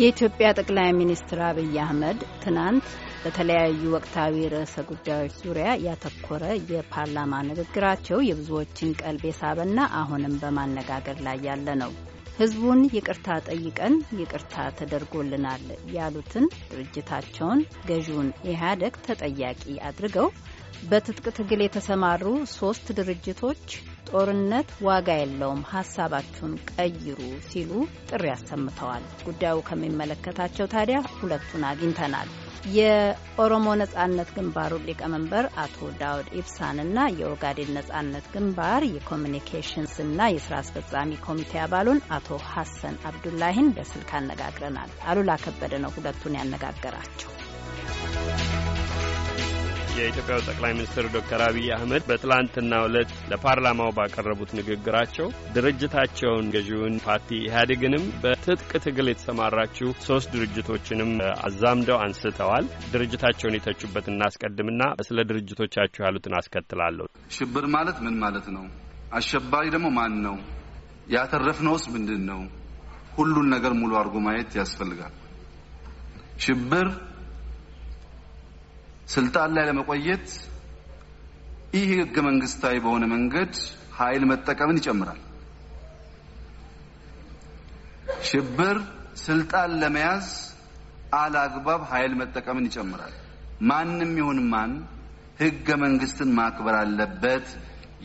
የኢትዮጵያ ጠቅላይ ሚኒስትር አብይ አህመድ ትናንት በተለያዩ ወቅታዊ ርዕሰ ጉዳዮች ዙሪያ ያተኮረ የፓርላማ ንግግራቸው የብዙዎችን ቀልብ የሳበና አሁንም በማነጋገር ላይ ያለ ነው። ሕዝቡን ይቅርታ ጠይቀን ይቅርታ ተደርጎልናል ያሉትን ድርጅታቸውን ገዢውን ኢህአዴግ ተጠያቂ አድርገው በትጥቅ ትግል የተሰማሩ ሶስት ድርጅቶች ጦርነት ዋጋ የለውም፣ ሀሳባችሁን ቀይሩ ሲሉ ጥሪ አሰምተዋል። ጉዳዩ ከሚመለከታቸው ታዲያ ሁለቱን አግኝተናል። የኦሮሞ ነጻነት ግንባሩ ሊቀመንበር አቶ ዳውድ ኢብሳንና የኦጋዴን ነጻነት ግንባር የኮሚኒኬሽንስና የስራ አስፈጻሚ ኮሚቴ አባሉን አቶ ሀሰን አብዱላሂን በስልክ አነጋግረናል። አሉላ ከበደ ነው ሁለቱን ያነጋገራቸው። የኢትዮጵያው ጠቅላይ ሚኒስትር ዶክተር አብይ አህመድ በትላንትና ዕለት ለፓርላማው ባቀረቡት ንግግራቸው ድርጅታቸውን ገዢውን ፓርቲ ኢህአዴግንም በትጥቅ ትግል የተሰማራችሁ ሶስት ድርጅቶችንም አዛምደው አንስተዋል። ድርጅታቸውን የተቹበት እናስቀድምና ስለ ድርጅቶቻችሁ ያሉትን አስከትላለሁ። ሽብር ማለት ምን ማለት ነው? አሸባሪ ደግሞ ማን ነው? ያተረፍነውስ ምንድን ነው? ሁሉን ነገር ሙሉ አድርጎ ማየት ያስፈልጋል። ሽብር ስልጣን ላይ ለመቆየት ይህ ህገ መንግስታዊ በሆነ መንገድ ኃይል መጠቀምን ይጨምራል። ሽብር ስልጣን ለመያዝ አላግባብ ኃይል መጠቀምን ይጨምራል። ማንም ይሁን ማን ህገ መንግስትን ማክበር አለበት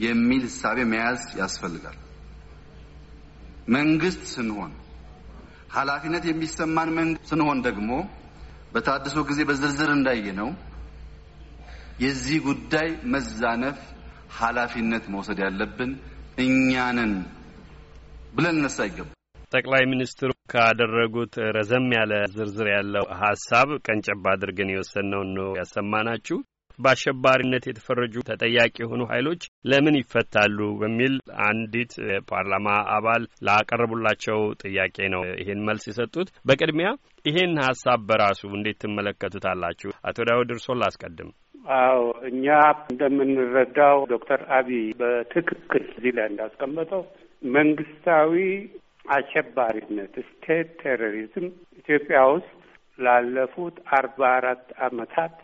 የሚል ህሳቤ መያዝ ያስፈልጋል። መንግስት ስንሆን ኃላፊነት የሚሰማን መንግስት ስንሆን ደግሞ በታድሶ ጊዜ በዝርዝር እንዳየ ነው የዚህ ጉዳይ መዛነፍ ኃላፊነት መውሰድ ያለብን እኛንን ብለን ነሳ ይገባል። ጠቅላይ ሚኒስትሩ ካደረጉት ረዘም ያለ ዝርዝር ያለው ሀሳብ ቀንጨብ አድርገን የወሰንነው ነው ያሰማናችሁ። በአሸባሪነት የተፈረጁ ተጠያቂ የሆኑ ኃይሎች ለምን ይፈታሉ በሚል አንዲት ፓርላማ አባል ላቀረቡላቸው ጥያቄ ነው ይሄን መልስ የሰጡት። በቅድሚያ ይሄን ሀሳብ በራሱ እንዴት ትመለከቱታላችሁ? አቶ ዳዊ እርሶን ላስቀድም። አዎ እኛ እንደምንረዳው ዶክተር አብይ በትክክል እዚህ ላይ እንዳስቀመጠው መንግስታዊ አሸባሪነት ስቴት ቴሮሪዝም ኢትዮጵያ ውስጥ ላለፉት አርባ አራት አመታት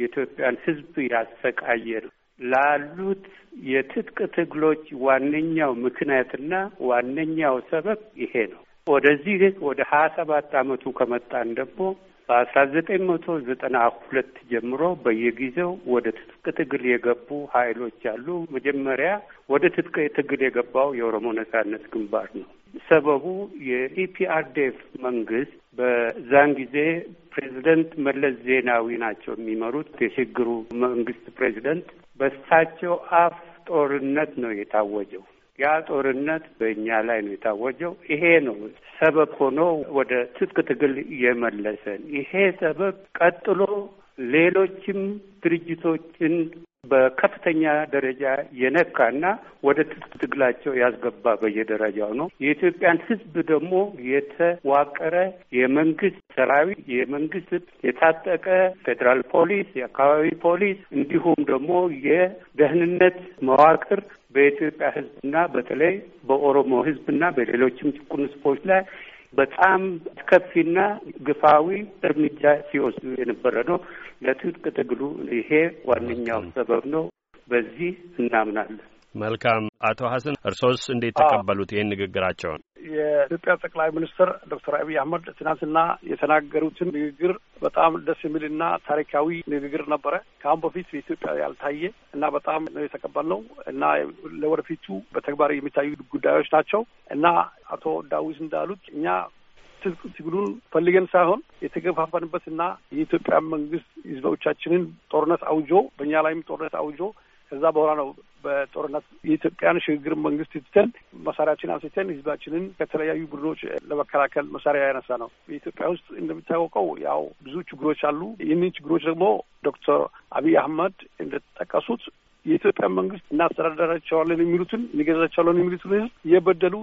የኢትዮጵያን ህዝብ ያሰቃየ ነው። ላሉት የትጥቅ ትግሎች ዋነኛው ምክንያትና ዋነኛው ሰበብ ይሄ ነው። ወደዚህ ወደ ሀያ ሰባት አመቱ ከመጣን ደግሞ በአስራ ዘጠኝ መቶ ዘጠና ሁለት ጀምሮ በየጊዜው ወደ ትጥቅ ትግል የገቡ ሀይሎች አሉ። መጀመሪያ ወደ ትጥቅ ትግል የገባው የኦሮሞ ነጻነት ግንባር ነው። ሰበቡ የኢፒአርዴፍ መንግስት በዛን ጊዜ ፕሬዚደንት መለስ ዜናዊ ናቸው የሚመሩት የሽግግሩ መንግስት ፕሬዚደንት። በሳቸው አፍ ጦርነት ነው የታወጀው። ያ ጦርነት በእኛ ላይ ነው የታወጀው። ይሄ ነው ሰበብ ሆኖ ወደ ትጥቅ ትግል የመለሰን። ይሄ ሰበብ ቀጥሎ ሌሎችም ድርጅቶችን በከፍተኛ ደረጃ የነካና ወደ ትጥቅ ትግላቸው ያስገባ በየደረጃው ነው። የኢትዮጵያን ሕዝብ ደግሞ የተዋቀረ የመንግስት ሰራዊት፣ የመንግስት የታጠቀ ፌዴራል ፖሊስ፣ የአካባቢ ፖሊስ እንዲሁም ደግሞ የደህንነት መዋቅር በኢትዮጵያ ሕዝብና በተለይ በኦሮሞ ሕዝብና በሌሎችም ጭቁን ሕዝቦች ላይ በጣም ከፊና ግፋዊ እርምጃ ሲወስዱ የነበረ ነው። ለትጥቅ ትግሉ ይሄ ዋነኛው ሰበብ ነው። በዚህ እናምናለን። መልካም። አቶ ሀሰን እርሶስ እንዴት ተቀበሉት ይህን ንግግራቸውን? የኢትዮጵያ ጠቅላይ ሚኒስትር ዶክተር አብይ አህመድ ትናንትና የተናገሩትን ንግግር በጣም ደስ የሚልና ታሪካዊ ንግግር ነበረ። ከአሁን በፊት በኢትዮጵያ ያልታየ እና በጣም ነው የተቀበልነው እና ለወደፊቱ በተግባር የሚታዩ ጉዳዮች ናቸው እና አቶ ዳዊት እንዳሉት እኛ ትጥቅ ትግሉን ፈልገን ሳይሆን እና የኢትዮጵያ መንግስት ህዝቦቻችንን ጦርነት አውጆ በእኛ ላይም ጦርነት አውጆ ከዛ በኋላ ነው በጦርነት የኢትዮጵያን ሽግግር መንግስት ትተን መሳሪያችን አንስተን ህዝባችንን ከተለያዩ ቡድኖች ለመከላከል መሳሪያ ያነሳ ነው። በኢትዮጵያ ውስጥ እንደሚታወቀው ያው ብዙ ችግሮች አሉ። ይህንን ችግሮች ደግሞ ዶክተር አብይ አህመድ እንደተጠቀሱት የኢትዮጵያ መንግስት እናስተዳደራቸዋለን የሚሉትን እንገዛቸዋለን የሚሉትን ህዝብ የበደሉ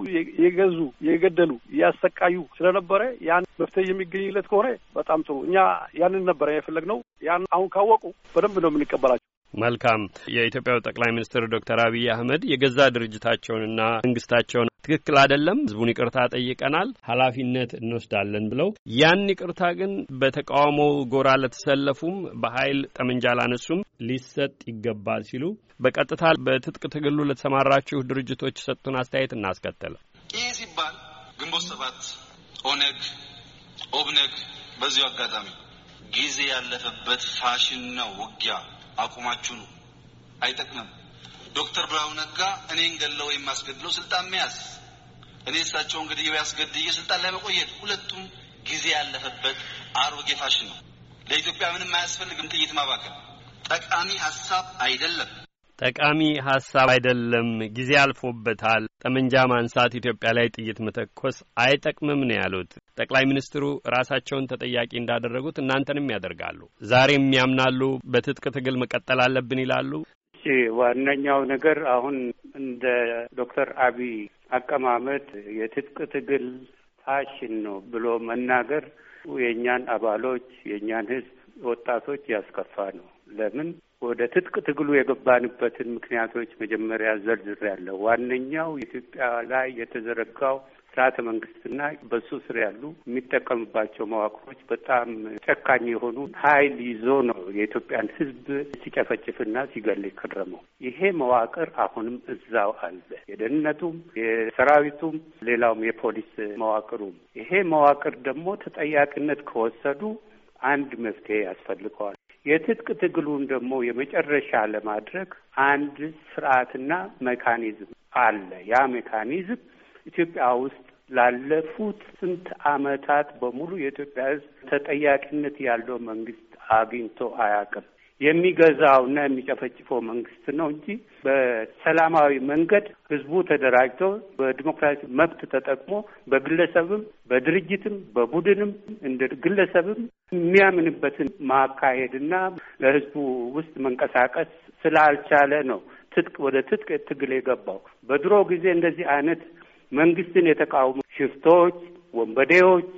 የገዙ የገደሉ ያሰቃዩ ስለነበረ ያን መፍትሄ የሚገኝለት ከሆነ በጣም ጥሩ። እኛ ያንን ነበረ የፈለግነው። ያን አሁን ካወቁ በደንብ ነው የምንቀበላቸው። መልካም። የኢትዮጵያው ጠቅላይ ሚኒስትር ዶክተር አብይ አህመድ የገዛ ድርጅታቸውንና መንግስታቸውን ትክክል አይደለም፣ ህዝቡን ይቅርታ ጠይቀናል፣ ኃላፊነት እንወስዳለን ብለው ያን ይቅርታ ግን በተቃውሞ ጎራ ለተሰለፉም በኃይል ጠመንጃ ላነሱም ሊሰጥ ይገባል ሲሉ በቀጥታ በትጥቅ ትግሉ ለተሰማራችሁ ድርጅቶች የሰጡን አስተያየት እናስከተለ። ይህ ሲባል ግንቦት ሰባት፣ ኦነግ፣ ኦብነግ በዚሁ አጋጣሚ ጊዜ ያለፈበት ፋሽን ነው ውጊያ አቁማችሁ ነው፣ አይጠቅምም። ዶክተር ብርሃኑ ነጋ እኔን ገለው ወይም አስገድለው ስልጣን መያዝ፣ እኔ እሳቸው እንግዲህ ያስገድዬ ስልጣን ላይ መቆየት፣ ሁለቱም ጊዜ ያለፈበት አሮጌ ፋሽን ነው። ለኢትዮጵያ ምንም አያስፈልግም። ጥይት ማባከል ጠቃሚ ሀሳብ አይደለም። ጠቃሚ ሀሳብ አይደለም፣ ጊዜ አልፎበታል። ጠመንጃ ማንሳት፣ ኢትዮጵያ ላይ ጥይት መተኮስ አይጠቅምም ነው ያሉት ጠቅላይ ሚኒስትሩ ራሳቸውን ተጠያቂ እንዳደረጉት እናንተንም ያደርጋሉ። ዛሬም ያምናሉ፣ በትጥቅ ትግል መቀጠል አለብን ይላሉ። ዋነኛው ነገር አሁን እንደ ዶክተር አብይ አቀማመጥ የትጥቅ ትግል ፋሽን ነው ብሎ መናገር የእኛን አባሎች የእኛን ህዝብ ወጣቶች ያስከፋ ነው። ለምን ወደ ትጥቅ ትግሉ የገባንበትን ምክንያቶች መጀመሪያ ዘርዝር ያለው ዋነኛው ኢትዮጵያ ላይ የተዘረጋው ስርዓተ መንግስትና በሱ ስር ያሉ የሚጠቀምባቸው መዋቅሮች በጣም ጨካኝ የሆኑ ኃይል ይዞ ነው የኢትዮጵያን ሕዝብ ሲጨፈጭፍና ሲገል ከረመው። ይሄ መዋቅር አሁንም እዛው አለ። የደህንነቱም፣ የሰራዊቱም፣ ሌላውም የፖሊስ መዋቅሩም። ይሄ መዋቅር ደግሞ ተጠያቂነት ከወሰዱ አንድ መፍትሄ ያስፈልገዋል። የትጥቅ ትግሉን ደግሞ የመጨረሻ ለማድረግ አንድ ስርዓትና ሜካኒዝም አለ። ያ ሜካኒዝም ኢትዮጵያ ውስጥ ላለፉት ስንት ዓመታት በሙሉ የኢትዮጵያ ሕዝብ ተጠያቂነት ያለው መንግስት አግኝቶ አያውቅም። የሚገዛው እና የሚጨፈጭፈው መንግስት ነው እንጂ በሰላማዊ መንገድ ህዝቡ ተደራጅቶ በዲሞክራሲ መብት ተጠቅሞ በግለሰብም በድርጅትም በቡድንም እንደ ግለሰብም የሚያምንበትን ማካሄድና ለህዝቡ ውስጥ መንቀሳቀስ ስላልቻለ ነው ትጥቅ ወደ ትጥቅ ትግል የገባው። በድሮ ጊዜ እንደዚህ አይነት መንግስትን የተቃውሙ ሽፍቶች፣ ወንበዴዎች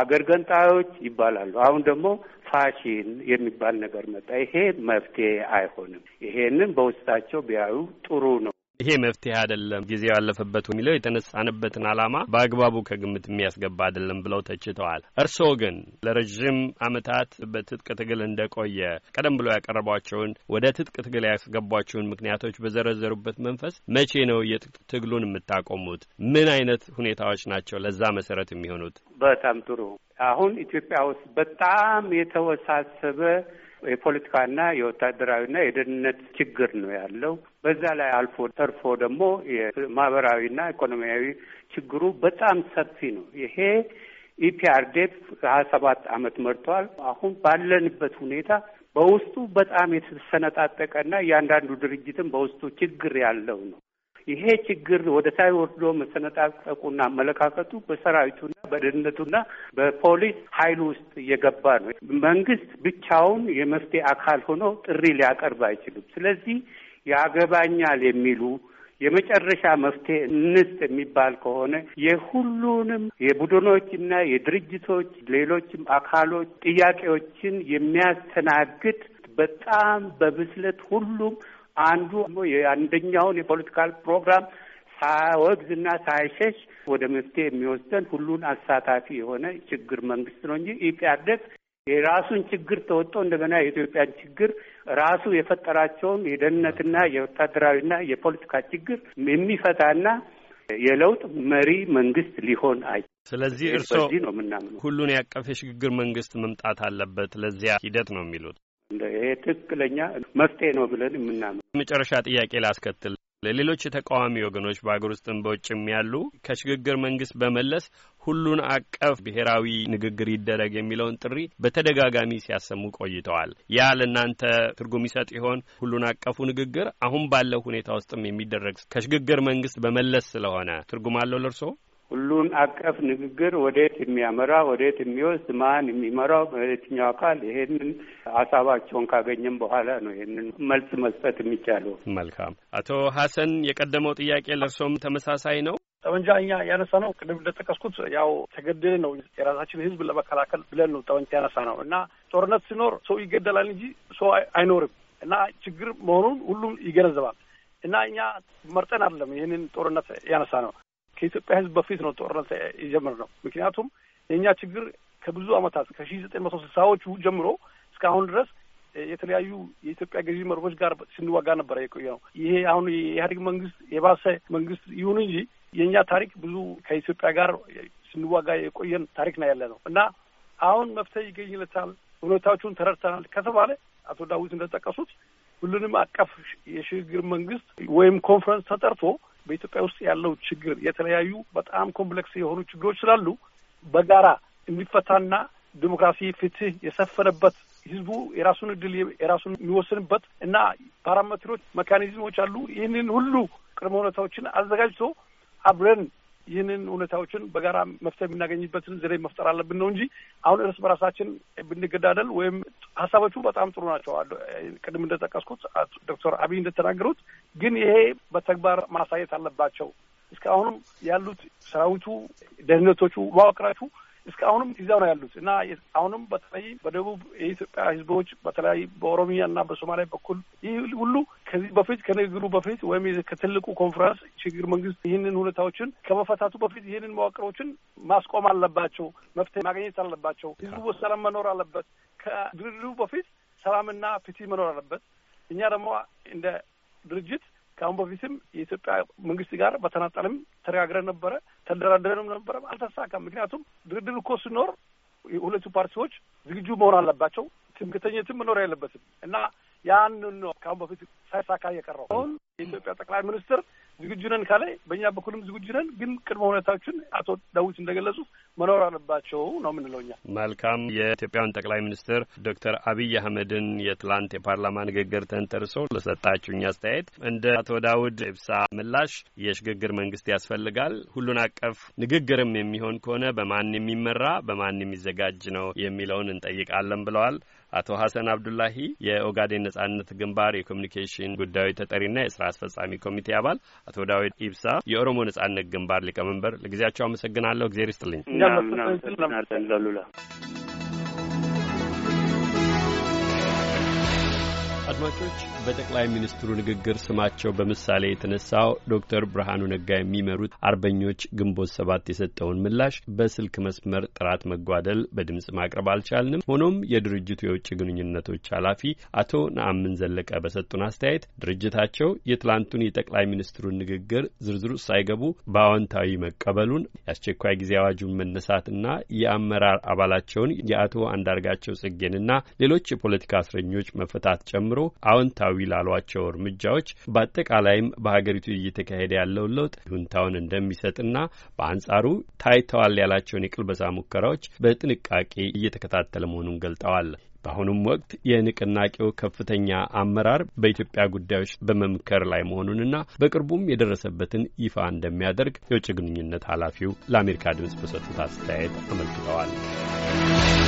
አገር ገንጣዮች ይባላሉ። አሁን ደግሞ ፋሽን የሚባል ነገር መጣ። ይሄ መፍትሄ አይሆንም። ይሄንን በውስጣቸው ቢያዩ ጥሩ ነው። ይሄ መፍትሄ አይደለም፣ ጊዜ ያለፈበት የሚለው የተነሳንበትን ዓላማ በአግባቡ ከግምት የሚያስገባ አይደለም ብለው ተችተዋል። እርስዎ ግን ለረዥም ዓመታት በትጥቅ ትግል እንደቆየ ቀደም ብሎ ያቀረቧቸውን ወደ ትጥቅ ትግል ያስገቧቸውን ምክንያቶች በዘረዘሩበት መንፈስ መቼ ነው የትጥቅ ትግሉን የምታቆሙት? ምን አይነት ሁኔታዎች ናቸው ለዛ መሰረት የሚሆኑት? በጣም ጥሩ። አሁን ኢትዮጵያ ውስጥ በጣም የተወሳሰበ የፖለቲካና የወታደራዊና የደህንነት ችግር ነው ያለው። በዛ ላይ አልፎ ተርፎ ደግሞ የማህበራዊና ኢኮኖሚያዊ ችግሩ በጣም ሰፊ ነው። ይሄ ኢፒአርዴፍ ሀያ ሰባት አመት መርተዋል። አሁን ባለንበት ሁኔታ በውስጡ በጣም የተሰነጣጠቀና እያንዳንዱ ድርጅትም በውስጡ ችግር ያለው ነው። ይሄ ችግር ወደ ታይ ወርዶ መሰነጣጠቁና አመለካከቱ በሰራዊቱና በደህንነቱና በፖሊስ ኃይል ውስጥ እየገባ ነው። መንግስት ብቻውን የመፍትሄ አካል ሆኖ ጥሪ ሊያቀርብ አይችልም። ስለዚህ ያገባኛል የሚሉ የመጨረሻ መፍትሄ እንስጥ የሚባል ከሆነ የሁሉንም የቡድኖችና የድርጅቶች ሌሎችም አካሎች ጥያቄዎችን የሚያስተናግድ በጣም በብስለት ሁሉም አንዱ የአንደኛውን የፖለቲካል ፕሮግራም ሳያወግዝና ሳይሸሽ ወደ መፍትሄ የሚወስደን ሁሉን አሳታፊ የሆነ ችግር መንግስት ነው እንጂ ኢፒአዴግ የራሱን ችግር ተወጥቶ እንደገና የኢትዮጵያን ችግር ራሱ የፈጠራቸውን የደህንነትና የወታደራዊና የፖለቲካ ችግር የሚፈታና የለውጥ መሪ መንግስት ሊሆን አይ ስለዚህ እርስዎ ሁሉን ያቀፈ የሽግግር መንግስት መምጣት አለበት ለዚያ ሂደት ነው የሚሉት ይሄ ትክክለኛ መፍትሄ ነው ብለን የምናምን። መጨረሻ ጥያቄ ላስከትል። ለሌሎች የተቃዋሚ ወገኖች በአገር ውስጥም በውጭም ያሉ ከሽግግር መንግስት በመለስ ሁሉን አቀፍ ብሔራዊ ንግግር ይደረግ የሚለውን ጥሪ በተደጋጋሚ ሲያሰሙ ቆይተዋል። ያ ለእናንተ ትርጉም ይሰጥ ይሆን? ሁሉን አቀፉ ንግግር አሁን ባለው ሁኔታ ውስጥም የሚደረግ ከሽግግር መንግስት በመለስ ስለሆነ ትርጉም አለው ለእርስዎ? ሁሉን አቀፍ ንግግር ወዴት የሚያመራ ወዴት የሚወስድ ማን የሚመራው በየትኛው አካል ይሄንን ሀሳባቸውን ካገኘም በኋላ ነው ይሄንን መልስ መስጠት የሚቻለው። መልካም አቶ ሀሰን የቀደመው ጥያቄ ለእርሶም ተመሳሳይ ነው። ጠመንጃ እኛ ያነሳ ነው ቅድም እንደጠቀስኩት ያው ተገደለ ነው የራሳችን ህዝብ ለመከላከል ብለን ነው ጠመንጃ ያነሳ ነው እና ጦርነት ሲኖር ሰው ይገደላል እንጂ ሰው አይኖርም እና ችግር መሆኑን ሁሉም ይገነዘባል እና እኛ መርጠን አይደለም ይህንን ጦርነት ያነሳ ነው ከኢትዮጵያ ሕዝብ በፊት ነው ጦርነት የጀመርነው። ምክንያቱም የእኛ ችግር ከብዙ ዓመታት ከሺ ዘጠኝ መቶ ስልሳዎቹ ጀምሮ አሁን ድረስ የተለያዩ የኢትዮጵያ ገዢ መርቦች ጋር ስንዋጋ ነበረ የቆየ ነው። ይሄ አሁን የኢህአዴግ መንግስት የባሰ መንግስት ይሁን እንጂ የእኛ ታሪክ ብዙ ከኢትዮጵያ ጋር ስንዋጋ የቆየን ታሪክ ነው ያለ ነው እና አሁን መፍትሄ ይገኝለታል፣ ሁኔታዎቹን ተረድተናል ከተባለ አቶ ዳዊት እንደጠቀሱት ሁሉንም አቀፍ የሽግግር መንግስት ወይም ኮንፈረንስ ተጠርቶ በኢትዮጵያ ውስጥ ያለው ችግር የተለያዩ በጣም ኮምፕሌክስ የሆኑ ችግሮች ስላሉ በጋራ የሚፈታና ዲሞክራሲ፣ ፍትህ የሰፈነበት ህዝቡ የራሱን እድል የራሱን የሚወስንበት እና ፓራሜትሮች፣ መካኒዝሞች አሉ። ይህንን ሁሉ ቅድመ ሁኔታዎችን አዘጋጅቶ አብረን ይህንን እውነታዎችን በጋራ መፍትሄ የምናገኝበትን ዘዴ መፍጠር አለብን ነው እንጂ አሁን እርስ በራሳችን ብንገዳደል ወይም ሀሳቦቹ በጣም ጥሩ ናቸው። ቅድም እንደጠቀስኩት ዶክተር አብይ እንደተናገሩት ግን ይሄ በተግባር ማሳየት አለባቸው። እስካሁንም ያሉት ሰራዊቱ፣ ደህንነቶቹ፣ መዋቅራችሁ እስካሁንም አሁንም እዚያው ነው ያሉት እና አሁንም በተለይ በደቡብ የኢትዮጵያ ህዝቦች በተለይ በኦሮሚያ እና በሶማሊያ በኩል ይህ ሁሉ ከዚህ በፊት ከንግግሩ በፊት ወይም ከትልቁ ኮንፈረንስ ችግር መንግስት ይህንን ሁኔታዎችን ከመፈታቱ በፊት ይህንን መዋቅሮችን ማስቆም አለባቸው። መፍትሄ ማግኘት አለባቸው። ህዝቡ ሰላም መኖር አለበት። ከድርድሩ በፊት ሰላምና ፍትህ መኖር አለበት። እኛ ደግሞ እንደ ድርጅት ከአሁን በፊትም የኢትዮጵያ መንግስት ጋር በተናጠልም ተነጋግረን ነበረ፣ ተደራደረንም ነበረ፣ አልተሳካም። ምክንያቱም ድርድር እኮ ሲኖር የሁለቱ ፓርቲዎች ዝግጁ መሆን አለባቸው። ትምክተኝትም መኖር የለበትም እና ያንን ነው ከአሁን በፊት ሳይሳካ የቀረው። አሁን የኢትዮጵያ ጠቅላይ ሚኒስትር ዝግጁ ነን ካለ በእኛ በኩልም ዝግጁ ነን፣ ግን ቅድመ ሁኔታዎችን አቶ ዳዊት እንደገለጹ መኖር አለባቸው ነው የምንለውኛ። መልካም። የኢትዮጵያን ጠቅላይ ሚኒስትር ዶክተር አብይ አህመድን የትላንት የፓርላማ ንግግር ተንተርሶ ለሰጣችሁኝ አስተያየት እንደ አቶ ዳውድ ኢብሳ ምላሽ የሽግግር መንግስት ያስፈልጋል፣ ሁሉን አቀፍ ንግግርም የሚሆን ከሆነ በማን የሚመራ በማን የሚዘጋጅ ነው የሚለውን እንጠይቃለን ብለዋል። አቶ ሀሰን አብዱላሂ የኦጋዴን ነጻነት ግንባር የኮሚኒኬሽን ጉዳዮች ተጠሪና የስራ አስፈጻሚ ኮሚቴ አባል፣ አቶ ዳዊት ኢብሳ የኦሮሞ ነጻነት ግንባር ሊቀመንበር፣ ለጊዜያቸው አመሰግናለሁ። እግዜር ይስጥልኝ። አድማጮች በጠቅላይ ሚኒስትሩ ንግግር ስማቸው በምሳሌ የተነሳው ዶክተር ብርሃኑ ነጋ የሚመሩት አርበኞች ግንቦት ሰባት የሰጠውን ምላሽ በስልክ መስመር ጥራት መጓደል በድምፅ ማቅረብ አልቻልንም። ሆኖም የድርጅቱ የውጭ ግንኙነቶች ኃላፊ አቶ ነአምን ዘለቀ በሰጡን አስተያየት ድርጅታቸው የትላንቱን የጠቅላይ ሚኒስትሩን ንግግር ዝርዝሩ ሳይገቡ በአዎንታዊ መቀበሉን የአስቸኳይ ጊዜ አዋጁን መነሳትና የአመራር አባላቸውን የአቶ አንዳርጋቸው ጽጌንና ሌሎች የፖለቲካ እስረኞች መፈታት ጨምሮ ጨምሮ አዎንታዊ ላሏቸው እርምጃዎች በአጠቃላይም በሀገሪቱ እየተካሄደ ያለውን ለውጥ ይሁንታውን እንደሚሰጥና በአንጻሩ ታይተዋል ያላቸውን የቅልበሳ ሙከራዎች በጥንቃቄ እየተከታተለ መሆኑን ገልጠዋል። በአሁኑም ወቅት የንቅናቄው ከፍተኛ አመራር በኢትዮጵያ ጉዳዮች በመምከር ላይ መሆኑንና በቅርቡም የደረሰበትን ይፋ እንደሚያደርግ የውጭ ግንኙነት ኃላፊው ለአሜሪካ ድምፅ በሰጡት አስተያየት አመልክተዋል።